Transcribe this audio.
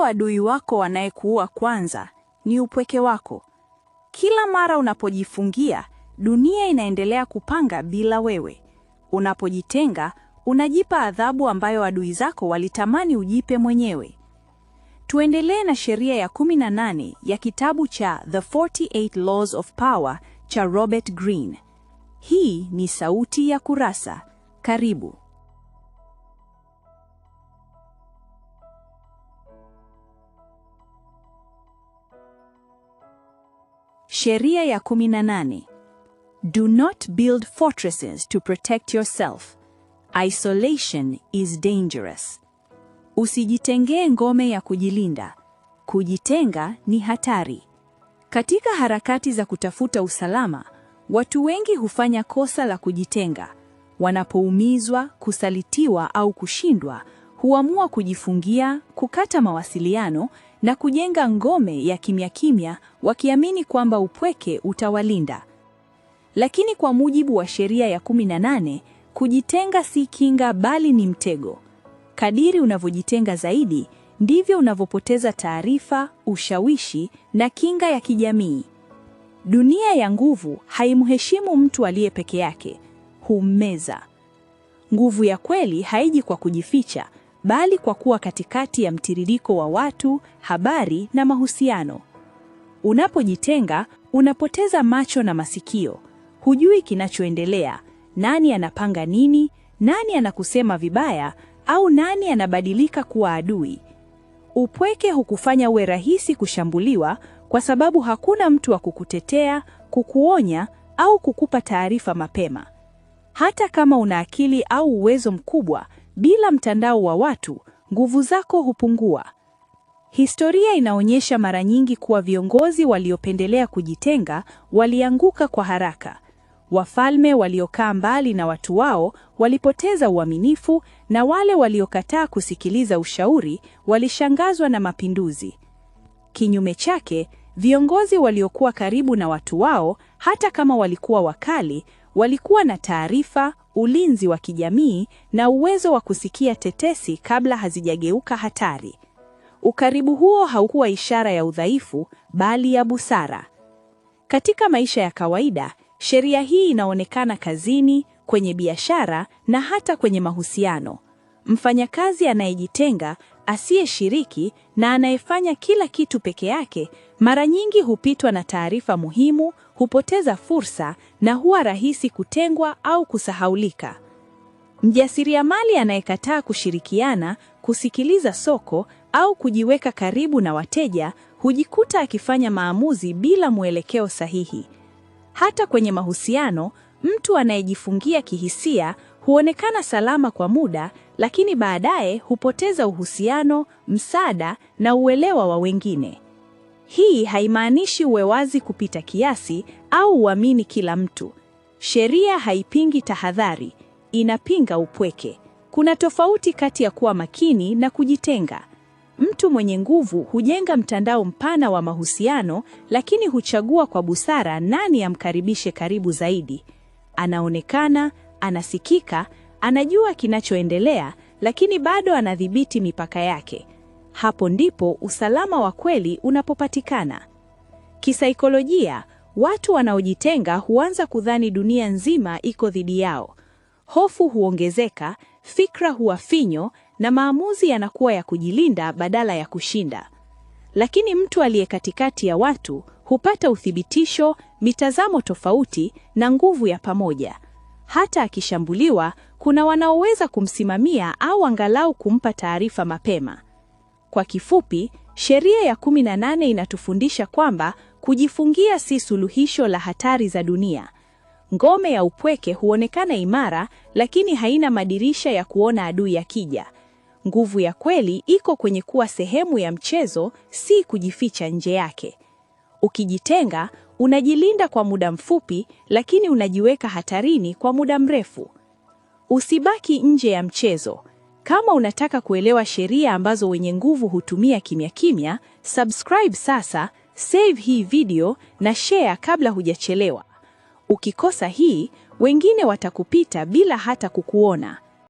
Leo adui wako wanayekuua kwanza ni upweke wako. Kila mara unapojifungia, dunia inaendelea kupanga bila wewe. Unapojitenga, unajipa adhabu ambayo adui zako walitamani ujipe mwenyewe. Tuendelee na sheria ya 18 ya kitabu cha The 48 Laws of Power cha Robert Greene. Hii ni Sauti ya Kurasa. Karibu. Sheria ya 18. Do not build fortresses to protect yourself. Isolation is dangerous. Usijitengee ngome ya kujilinda. Kujitenga ni hatari. Katika harakati za kutafuta usalama, watu wengi hufanya kosa la kujitenga. Wanapoumizwa, kusalitiwa au kushindwa, huamua kujifungia, kukata mawasiliano na kujenga ngome ya kimya kimya, wakiamini kwamba upweke utawalinda. Lakini kwa mujibu wa sheria ya 18, kujitenga si kinga bali ni mtego. Kadiri unavyojitenga zaidi, ndivyo unavyopoteza taarifa, ushawishi na kinga ya kijamii. Dunia ya nguvu haimheshimu mtu aliye peke yake, hummeza. Nguvu ya kweli haiji kwa kujificha, bali kwa kuwa katikati ya mtiririko wa watu, habari na mahusiano. Unapojitenga, unapoteza macho na masikio. Hujui kinachoendelea, nani anapanga nini, nani anakusema vibaya au nani anabadilika kuwa adui. Upweke hukufanya uwe rahisi kushambuliwa kwa sababu hakuna mtu wa kukutetea, kukuonya au kukupa taarifa mapema. Hata kama una akili au uwezo mkubwa, bila mtandao wa watu, nguvu zako hupungua. Historia inaonyesha mara nyingi kuwa viongozi waliopendelea kujitenga walianguka kwa haraka. Wafalme waliokaa mbali na watu wao walipoteza uaminifu na wale waliokataa kusikiliza ushauri walishangazwa na mapinduzi. Kinyume chake, viongozi waliokuwa karibu na watu wao hata kama walikuwa wakali Walikuwa na taarifa, ulinzi wa kijamii na uwezo wa kusikia tetesi kabla hazijageuka hatari. Ukaribu huo haukuwa ishara ya udhaifu, bali ya busara. Katika maisha ya kawaida, sheria hii inaonekana kazini, kwenye biashara na hata kwenye mahusiano. Mfanyakazi anayejitenga, asiyeshiriki na anayefanya kila kitu peke yake, mara nyingi hupitwa na taarifa muhimu, hupoteza fursa na huwa rahisi kutengwa au kusahaulika. Mjasiriamali anayekataa kushirikiana, kusikiliza soko au kujiweka karibu na wateja hujikuta akifanya maamuzi bila mwelekeo sahihi. Hata kwenye mahusiano, mtu anayejifungia kihisia huonekana salama kwa muda, lakini baadaye hupoteza uhusiano, msaada na uelewa wa wengine. Hii haimaanishi uwe wazi kupita kiasi au uamini kila mtu. Sheria haipingi tahadhari, inapinga upweke. Kuna tofauti kati ya kuwa makini na kujitenga. Mtu mwenye nguvu hujenga mtandao mpana wa mahusiano, lakini huchagua kwa busara nani amkaribishe karibu zaidi. Anaonekana, anasikika, anajua kinachoendelea, lakini bado anadhibiti mipaka yake. Hapo ndipo usalama wa kweli unapopatikana. Kisaikolojia, watu wanaojitenga huanza kudhani dunia nzima iko dhidi yao. Hofu huongezeka, fikra huwa finyo na maamuzi yanakuwa ya kujilinda badala ya kushinda. Lakini mtu aliye katikati ya watu hupata uthibitisho, mitazamo tofauti na nguvu ya pamoja. Hata akishambuliwa, kuna wanaoweza kumsimamia au angalau kumpa taarifa mapema. Kwa kifupi, sheria ya 18 inatufundisha kwamba kujifungia si suluhisho la hatari za dunia. Ngome ya upweke huonekana imara, lakini haina madirisha ya kuona adui akija. Nguvu ya kweli iko kwenye kuwa sehemu ya mchezo, si kujificha nje yake. Ukijitenga, unajilinda kwa muda mfupi, lakini unajiweka hatarini kwa muda mrefu. Usibaki nje ya mchezo. Kama unataka kuelewa sheria ambazo wenye nguvu hutumia kimya kimya, subscribe sasa, save hii video na share kabla hujachelewa. Ukikosa hii, wengine watakupita bila hata kukuona.